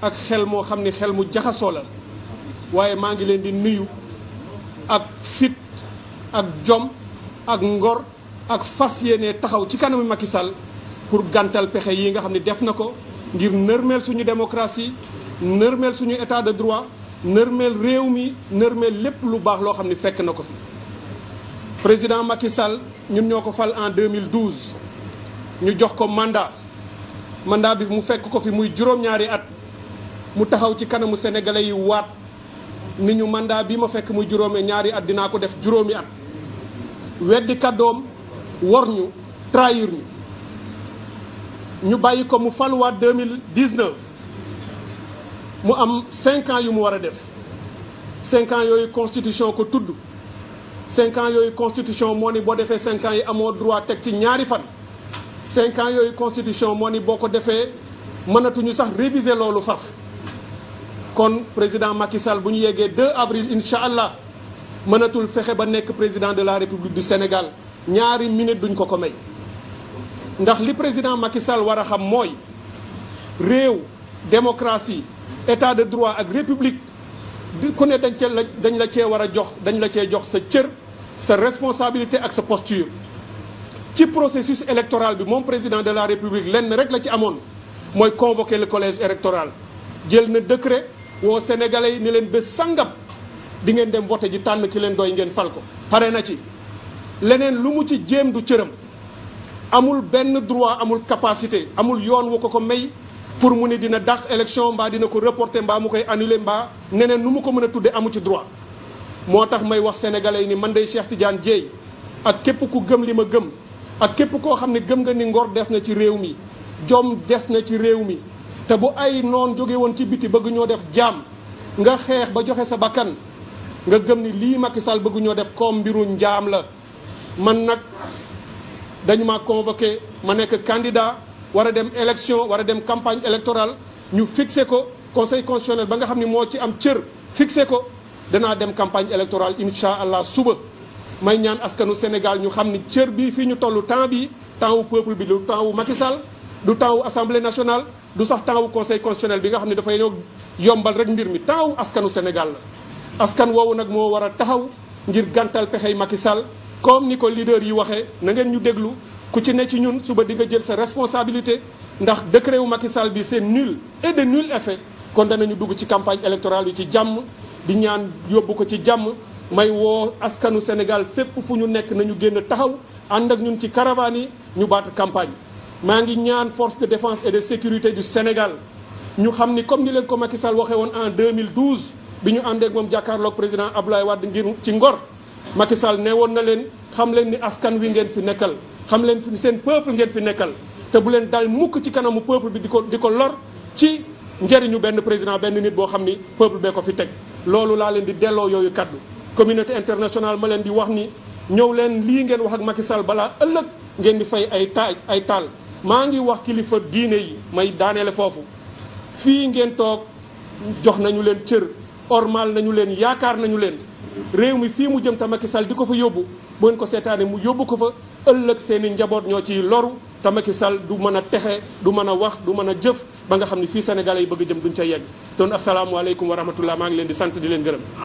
ak xel moo xam ni xel mu jaxasoo la waaye maa ngi leen di nuyu ak fit ak jom ak ngor ak fas yéene taxaw ci kanamu Macky pour gàntal pexe yi nga xam ne def na ko ngir nërmeel suñu démocratie nërmeel suñu état de droit nërmeel réew mi nërmeel lépp lu baax loo xam ne fekk na ko fi président Macky ñun ñoo ko fal en 2012 ñu jox ko mandat mandat bi mu fekk ko fi muy juróom-ñaari at mu taxaw ci kanamu sénégalais yi waat ni ñu mandat bi ma fekk mu juróome ñaari at dinaa ko def juróomi at weddi kàddoom wor ñu trahir ñu ñu bàyyi ko mu faluwaat 2019 mu am cinq ans yu mu war a def cinq yooyu constitution ko tudd cinq yooyu constitution moo ni boo defee cinquants yi amoo droit teg ci ñaari fan cinq yooyu constitution moo ni boo ko defee mënatuñu sax réviser loolu faf kon président Macky Sall bu ñu yeggee 2 avril incha allah mënatul fexe ba nekk président de la république du Sénégal ñaari minute duñ ko ko may ndax li président Macky Sall war a xam mooy réew démocratie état de droit ak république ku ne dañ cee la dañ la cee war a jox dañ la cee jox sa cër sa responsabilité ak sa posture ci processus électoral bi moom président de la république lenn rek la ci amoon mooy convoquer le collège électoral jël na décret woo sénégalais yi ni leen bés sangam di ngeen dem voté ji tànn ki leen doy ngeen fal ko pare na ci leneen lu mu ci jéem du cëram amul benn droit amul capacité amul yoon wu ko ko may pour mu ni dina dàq élection mbaa dina ko reporter mbaa mu koy annuler mbaa neneen lu mu ko mën a tudde amu ci droit moo tax may wax sénégalais yi ni man day Cheikh Tidiane Dieye ak képp ku gëm li ma gëm ak képp koo xam ne gëm nga ni ngor des na ci réew mi jom des na ci réew mi te bu ay noon jóge woon ci biti bëgg ñoo def jaam nga xeex ba joxe sa bakkan nga gëm ni lii Macky Sall bëgg ñoo def comme mbiru njaam la man nag dañu ma convoqué ma nekk candidat war a dem élection war a dem campagne électorale ñu fixé ko conseil constitutionnel ba nga xam ni moo ci am cër fixé ko danaa dem campagne électorale incha allah suba may ñaan askanu Sénégal ñu xam ni cër bii fii ñu toll temps bi temps wu peuple bi du temps wu Macky Sall du temps wu assemblée nationale lu sax taxawu conseil constitutionnel bi nga xam ne dafay yombal rek mbir mi taxawu askanu Sénégal la. askan woowu nag moo war a taxaw ngir gàntal pexey Macky Sall comme ni ko leader yi waxee na ngeen ñu déglu ku ci ne ci ñun suba di nga jël sa responsabilité ndax décret wu Macky Sall bi c'est nul et de effet kon danañu dugg ci campagne électorale bi ci jàmm di ñaan yóbbu ko ci jàmm. may woo askanu Sénégal fépp fu ñu nekk nañu génn taxaw ànd ak ñun ci caravane yi ñu baat campagne maa ngi ñaan force de défense et de sécurité du Sénégal ñu xam ni comme ni leen ko Macky Sall waxee woon en 2012 bi ñu àndeek moom jàkkaarloog président Abdoulaye Wade ngir ci Ngor Macky Sall woon na leen xam leen ni askan wi ngeen fi nekkal xam leen fi seen peuple ngeen fi nekkal te bu leen dal mukk ci kanamu peuple bi di ko di ko lor ci njëriñu benn président benn nit boo xam ni peuple bee ko fi teg loolu laa leen di delloo yooyu kaddu communauté internationale ma leen di wax ni ñëw leen lii ngeen wax ak Macky Sall balaa ëllëg ngeen di fay ay taaj ay taal maa ngi wax kilifa diine yi may daaneele foofu fii ngeen toog jox nañu leen cër ormal nañu leen yaakaar nañu leen réew mi fii mu jëm te Macky Sall di ko fa yóbbu bu ngeen ko seetaane mu yóbbu ko fa ëllëg seeni njaboot ñoo ciy loru te Macky Sall du mën a texe du mën a wax du mën a jëf ba nga xam ni fii Sénégalais yi bëgg jëm duñ ca yegg. doon asalaamualeykum wa rahmatullah maa ngi leen di sant di leen gërëm.